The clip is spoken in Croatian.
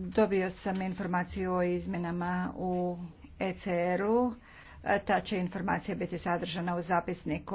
Dobio sam informaciju o izmjenama u ECR-u. Ta će informacija biti sadržana u zapisniku.